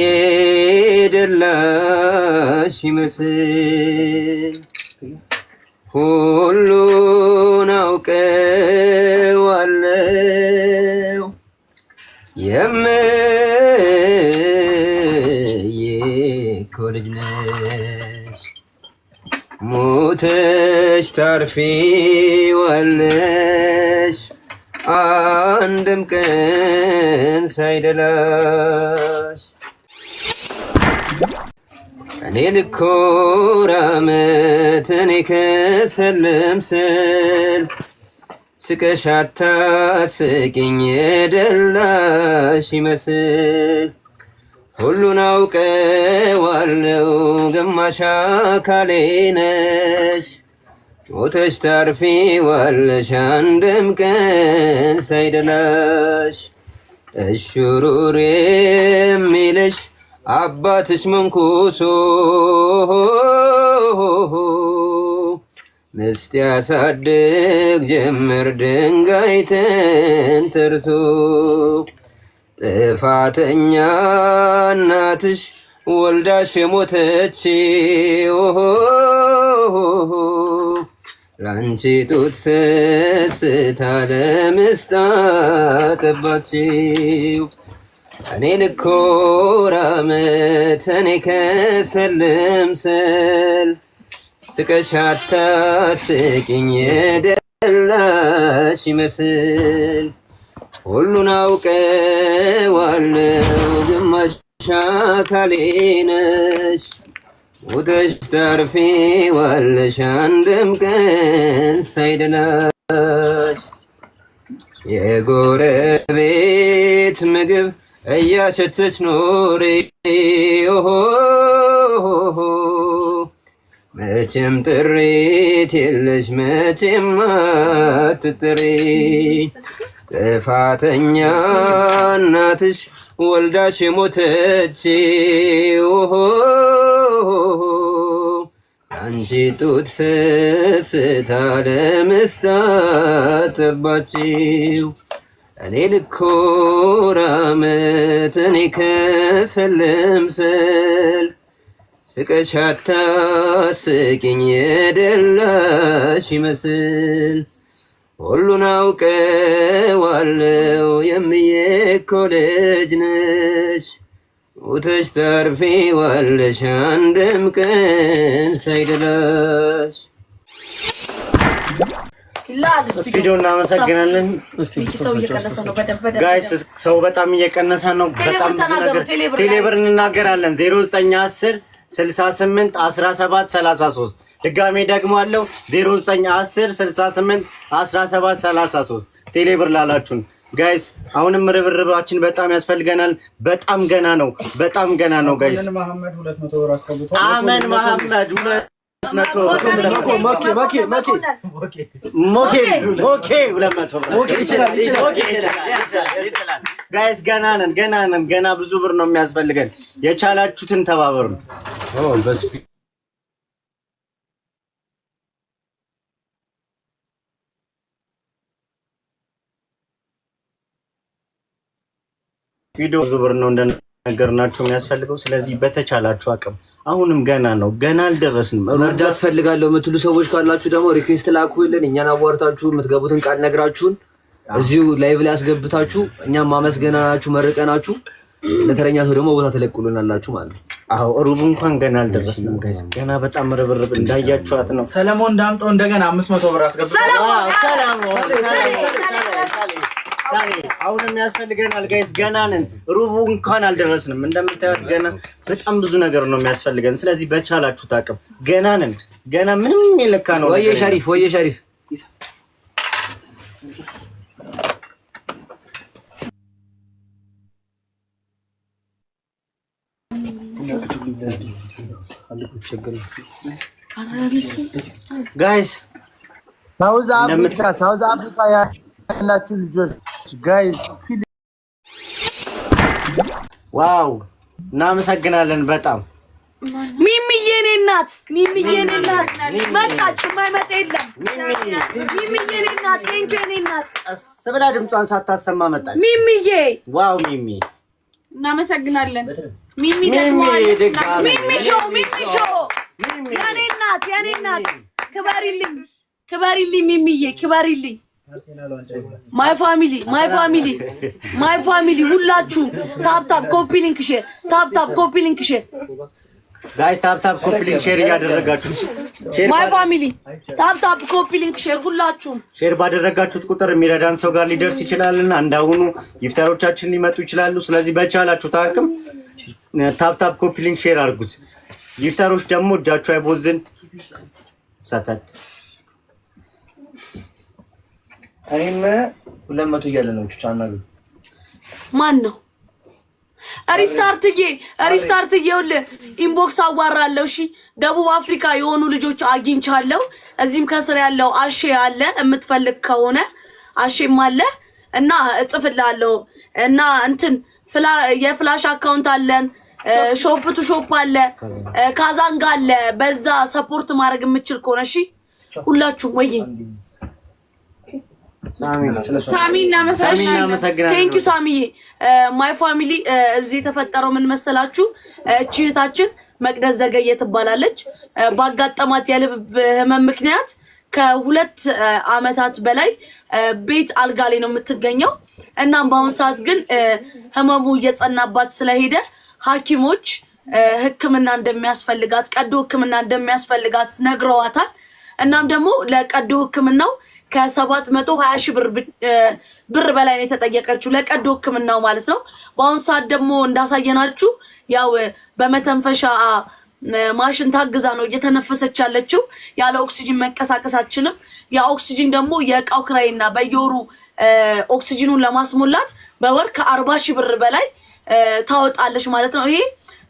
የደላሽ ይመስል ሁሉን አውቀዋለው የምዬ እኮ ልጅ ነሽ ሞተሽ ታርፊዋለሽ አንድም ቀን ሳይደላ እኔ ራመት እኔ ከሰለም ስል ስቀሻታ ስቅኝ የደላሽ ይመስል ሁሉን አውቀዋለው ግማሽ አካሌ ነሽ ሞተሽ ታርፊ ዋለሽ አንድም ቀን ሳይደላሽ እሽሩር የሚለሽ አባትሽ መንኩሶ ምስት ያሳድግ ጀምር ድንጋይ ተንተርሶ ጥፋተኛ እናትሽ ወልዳሽ የሞተች ላንቺ ጡት ስስታ ለምስጣ እኔ ልኮራ ዓመት እኔ ከሰልም ስል ስቀሽ አታስቂኝ የደላሽ ይመስል ሁሉን አውቀዋለው ግማሽ አካሌ ነሽ ውተሽ ታርፊዋለሽ አንድም ቀን ሳይደላሽ የጎረቤት ምግብ እያሸተች ኖሬ መቼም ጥሪት የለሽ መቼም አትጥሪ ጥፋተኛ እናትሽ ወልዳሽ የሞተች አንቺ ጡት ስስታ ለመስታጠባችው እኔ ልኮራመት እኔ ከሰለም ስል ስቀሻታ ስቅኝ የደላሽ ይመስል ሁሉን አውቀዋለው የምዬ እኮ ልጅ ነሽ ሞተሽ ታርፌ ዋለሽ አንድም ቀን ሳይደላሽ ስቱዲዮ እናመሰግናለን። ጋይስ ሰው በጣም እየቀነሰ ነው። በጣም ቴሌብር እንናገራለን። ዜሮ ዘጠኝ አስር ስልሳ ድጋሜ ደግሞ አለው ዜሮ ዘጠኝ አስር ስልሳ ቴሌብር ላላችሁን ጋይስ አሁንም ርብርባችን በጣም ያስፈልገናል። በጣም ገና ነው። በጣም ገና ነው ጋይስ። አመን መሐመድ ሁለት ጋይስ ገና ነን፣ ገና ነን። ገና ብዙ ብር ነው የሚያስፈልገን። የቻላችሁትን ተባበሩ። ቪዲዮ ብዙ ብር ነው እንደነገርናችሁ የሚያስፈልገው። ስለዚህ በተቻላችሁ አቅም አሁንም ገና ነው፣ ገና አልደረስንም። መርዳት ፈልጋለሁ የምትሉ ሰዎች ካላችሁ ደግሞ ሪኩዌስት ላኩልን። እኛን አዋርታችሁ የምትገቡትን ቃል ነግራችሁን እዚሁ ላይቭ ላይ አስገብታችሁ እኛም ማመስገናችሁ መርቀናችሁ ለተረኛ ሰው ደግሞ ቦታ ተለቅሉናላችሁ ማለት ነው። አዎ ሩብ እንኳን ገና አልደረስንም ጋይስ፣ ገና በጣም ርብርብ እንዳያችኋት ነው። ሰለሞን ዳምጠው እንደገና አምስት መቶ ብር አስገብተው አሁንም ያስፈልገናል ጋይስ፣ ገና ነን፣ ሩቡ እንኳን አልደረስንም። እንደምታዩት ገና በጣም ብዙ ነገር ነው የሚያስፈልገን። ስለዚህ በቻላችሁ ታቅም ገና ነን፣ ገና ምንም የለካ ነው። ወየ ሸሪፍ፣ ወየ ሸሪፍ ጋይስ ሳውዝ አፍሪካ ሳውዝ አፍሪካ ያላችሁ ልጆች ጋይስ ዋው እናመሰግናለን በጣም ሚሚዬ እኔ እናት ሚሚዬ እኔ እናት መጣች። የማይመጣ የለም። ሚሚዬ እኔ እናት ቴንኪው እኔ እናት ስብላ ድምጿን ሳታሰማ መጣች። ሚሚዬ ዋው ሚሚ እናመሰግናለን። ሚሚ ደግሞ ሚሚ ሾው ሚሚ ሾው የኔ እናት የኔ እናት ክበሪልኝ፣ ክበሪልኝ ሚሚዬ ክበሪልኝ ማይ ፋሚሊ ማይ ፋሚሊ ማይ ፋሚሊ ሁላችሁም ታፕታፕ ኮፒ ሊንክ ሼር ታፕታፕ ኮፒ ሊንክ ሼር ጋይስ ታፕታፕ ኮፒ ሊንክ ሼር እያደረጋችሁ ማይ ፋሚሊ ታፕታፕ ኮፒ ሊንክ ሼር ሁላችሁም ሼር ባደረጋችሁት ቁጥር የሚረዳን ሰው ጋር ሊደርስ ይችላልና እንዳሁኑ ይፍታሮቻችን ሊመጡ ይችላሉ። ስለዚህ በቻላችሁ ታቅም ታፕታፕ ኮፒ ሊንክ ሼር አድርጉት። ይፍታሮች ደግሞ እጃችሁ አይቦዝን ሰተት እኔም ሁለት መቶ እያለ ነው አናግሪው። ማን ነው? ሪስታርትዬ ሪስታርትዬ፣ ይኸውልህ ኢንቦክስ አዋራለሁ። እሺ ደቡብ አፍሪካ የሆኑ ልጆች አግኝቻለሁ። እዚህም ከስር ያለው አሼ አለ፣ የምትፈልግ ከሆነ አሼም አለ እና እጽፍልሃለሁ። እና እንትን የፍላሽ አካውንት አለን፣ ሾፕ ቱ ሾፕ አለ፣ ካዛንጋ አለ። በዛ ሰፖርት ማድረግ የምችል ከሆነ እሺ ሁላችሁም ወይ ሳሚ እናመሰግናለን። ሳሚዬ ማይ ፋሚሊ እዚህ የተፈጠረው ምን መሰላችሁ? እህታችን መቅደስ ዘገየ ትባላለች። ባጋጠማት የልብ ህመም ምክንያት ከሁለት አመታት በላይ ቤት አልጋ ላይ ነው የምትገኘው። እናም በአሁኑ ሰዓት ግን ህመሙ እየጸናባት ስለሄደ ሐኪሞች ህክምና እንደሚያስፈልጋት ቀዶ ህክምና እንደሚያስፈልጋት ነግረዋታል። እናም ደግሞ ለቀዶ ህክምናው ከሰባት መቶ ሀያ ሺ ብር በላይ ነው የተጠየቀችው ለቀዶ ሕክምናው ማለት ነው። በአሁኑ ሰዓት ደግሞ እንዳሳየናችሁ ያው በመተንፈሻ ማሽን ታግዛ ነው እየተነፈሰች ያለችው። ያለ ኦክሲጂን መንቀሳቀስ አትችልም። ያ ኦክሲጂን ደግሞ የእቃው ክራይና በየወሩ ኦክሲጂኑን ለማስሞላት በወር ከአርባ ሺህ ብር በላይ ታወጣለች ማለት ነው። ይሄ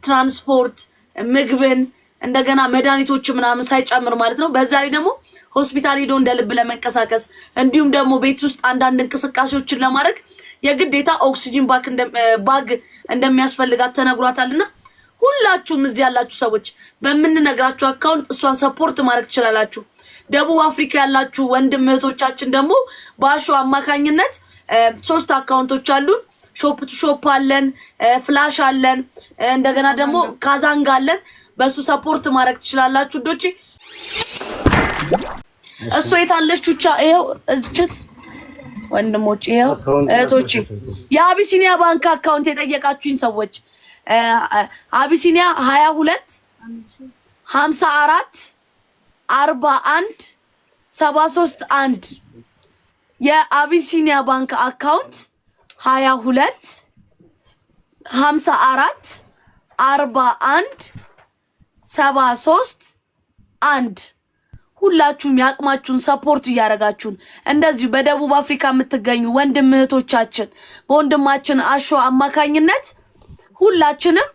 ትራንስፖርት ምግብን እንደገና መድኃኒቶች ምናምን ሳይጨምር ማለት ነው። በዛ ላይ ደግሞ ሆስፒታል ሄዶ እንደ ልብ ለመንቀሳቀስ እንዲሁም ደግሞ ቤት ውስጥ አንዳንድ እንቅስቃሴዎችን ለማድረግ የግዴታ ኦክሲጂን ባግ እንደሚያስፈልጋት ተነግሯታልና ሁላችሁም እዚህ ያላችሁ ሰዎች በምንነግራችሁ አካውንት እሷን ሰፖርት ማድረግ ትችላላችሁ። ደቡብ አፍሪካ ያላችሁ ወንድም እህቶቻችን ደግሞ በአሾ አማካኝነት ሶስት አካውንቶች አሉን። ሾፕ ቱ ሾፕ አለን፣ ፍላሽ አለን፣ እንደገና ደግሞ ካዛንጋ አለን። በእሱ ሰፖርት ማድረግ ትችላላችሁ ዶቼ እሱ የታለች? ቹቻ ይኸው እዝችት ወንድሞች፣ ይኸው እህቶቼ፣ የአቢሲኒያ ባንክ አካውንት የጠየቃችሁኝ ሰዎች አቢሲኒያ ሀያ ሁለት ሀምሳ አራት አርባ አንድ ሰባ ሶስት አንድ የአቢሲኒያ ባንክ አካውንት ሀያ ሁለት ሀምሳ አራት አርባ አንድ ሰባ ሶስት አንድ ሁላችሁም የአቅማችሁን ሰፖርት እያደረጋችሁን እንደዚሁ በደቡብ አፍሪካ የምትገኙ ወንድም እህቶቻችን በወንድማችን አሾ አማካኝነት ሁላችንም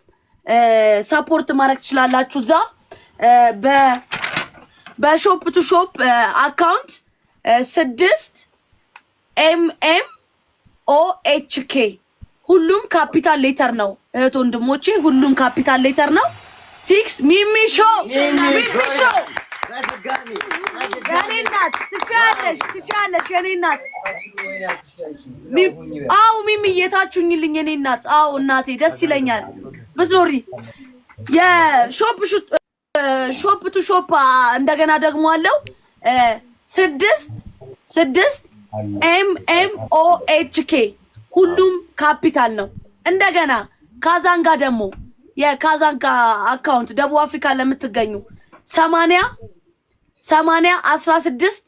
ሰፖርት ማድረግ ትችላላችሁ። እዛ በሾፕ ቱ ሾፕ አካውንት ስድስት ኤምኤም ኬ ሁሉም ካፒታል ሌተር ነው። እህት ወንድሞቼ፣ ሁሉም ካፒታል ሌተር ነው። ሲክስ ሚሚ ሾ ሚሚ ሾ የኔ እናት ትችያለሽ፣ ትችያለሽ። የኔ እናት አዎ፣ ሚሚ የታችሁኝልኝ የኔ እናት አዎ፣ እናቴ ደስ ይለኛል ብትኖሪ የሾፕ ሾፕ ቱ ሾፕ እንደገና ደግሞ አለው ስድስት ስድስት ኤም ኤም ኦ ኤች ኬ ሁሉም ካፒታል ነው። እንደገና ካዛንጋ ደግሞ የካዛንጋ አካውንት ደቡብ አፍሪካ ለምትገኙ ሰማንያ ሰማንያ አስራ ስድስት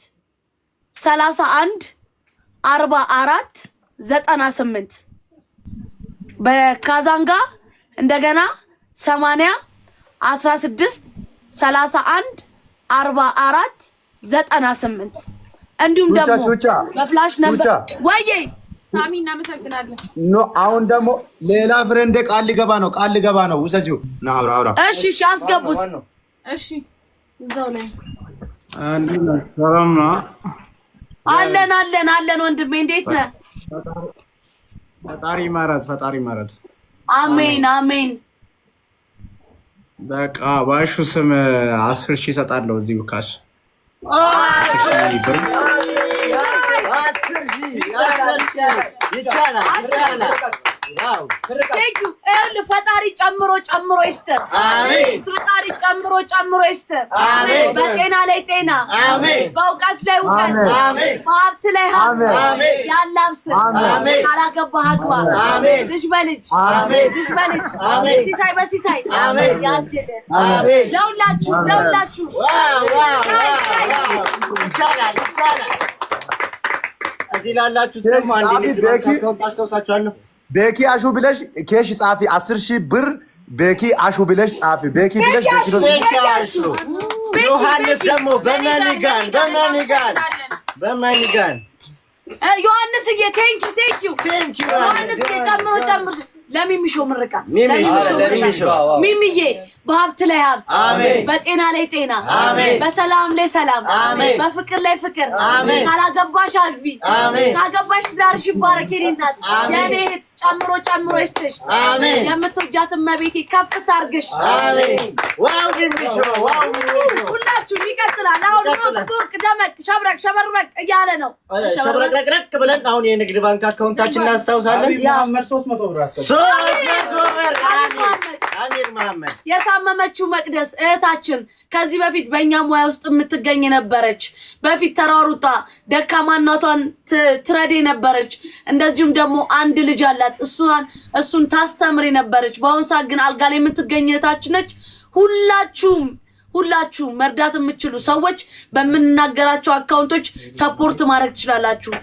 ሰላሳ አንድ አርባ አራት ዘጠና ስምንት በካዛንጋ እንደገና ሰማንያ አስራ ስድስት ሰላሳ አንድ አርባ አራት ዘጠና ስምንት እንዲሁም ደግሞ በፍላሽ ነበር ወይዬ ሳሚ እናመሰግናለን። አሁን ደግሞ ሌላ ፍሬንዴ ቃል ሊገባ ነው፣ ቃል ሊገባ ነው። ውሰጂው ና አውራ አውራ። እሺ እሺ፣ አስገቡት። እሺ እዛው ላይ ሰላም ነው አለን አለን አለን ወንድሜ እንዴት ነህ? ፈጣሪ መረት ፈጣሪ መረት። አሜን አሜን። በቃ ባሹ ስም አስር ሺህ እሰጣለሁ እዚሁ ካሽ ይቻላል ፈጣሪ ጨምሮ ጨምሮ ይስጥህ። ፈጣሪ ጨምሮ ጨምሮ ይስጥህ። በጤና ላይ ጤና፣ በእውቀት ላይ እውቀት፣ በሀብት ላይ ሀብት ያላብስህ። ካላገባህ አግባ። ልጅ በልጅ ልጅ በልጅ ሲሳይ በሲሳይ ለሁላችሁ ለሁላችሁ ይቻላል ይቻላል። እዚህ ላላችሁ ደግሞ አንድ ቤኪ ታስታውሳችኋለሁ ቤኪ አሹ ብለሽ ኬሽ ጻፊ። አስር ሺህ ብር ቤኪ አሹ ብለሽ ጻፊ። ቤኪ ብለሽ ቤኪ ነው። ዮሐንስ ደግሞ በመኒጋን በመኒጋን በመኒጋን ዮሐንስ ዬ ቴንኪ ቴንኪ ቴንኪ ዮሐንስ ጨምሮ ጨምሮ ለሚሚሾ ምርቃት ለሚሚሾ ሚሚዬ በሀብት ላይ ሀብት፣ በጤና ላይ ጤና፣ በሰላም ላይ ሰላም፣ በፍቅር ላይ ፍቅር። ካላገባሽ አግቢ፣ ካገባሽ ትዳርሽ ይባረክ። የኔ እናት የኔ እህት ጨምሮ ጨምሮ ይስጥሽ። የምትወጃት እመቤቴ ከፍ ታርግሽ። ሁላችሁም ይቀጥላል። አሁን ቅ ደመቅ ሸብረቅ ሸበርበቅ እያለ ነው። ሸብረቅረቅረቅ ብለን አሁን የንግድ ባንክ አካውንታችን እናስታውሳለን። ሶስት መቶ ብር የታመመችው መቅደስ እህታችን ከዚህ በፊት በእኛ ሙያ ውስጥ የምትገኝ የነበረች በፊት ተሯሩጣ ደካማ እናቷን ትረድ የነበረች እንደዚሁም ደግሞ አንድ ልጅ አላት እሱን ታስተምር የነበረች በአሁን ሰዓት ግን አልጋ ላይ የምትገኝ እህታችን ነች። ሁላችሁም ሁላችሁም መርዳት የምትችሉ ሰዎች በምንናገራቸው አካውንቶች ሰፖርት ማድረግ ትችላላችሁ።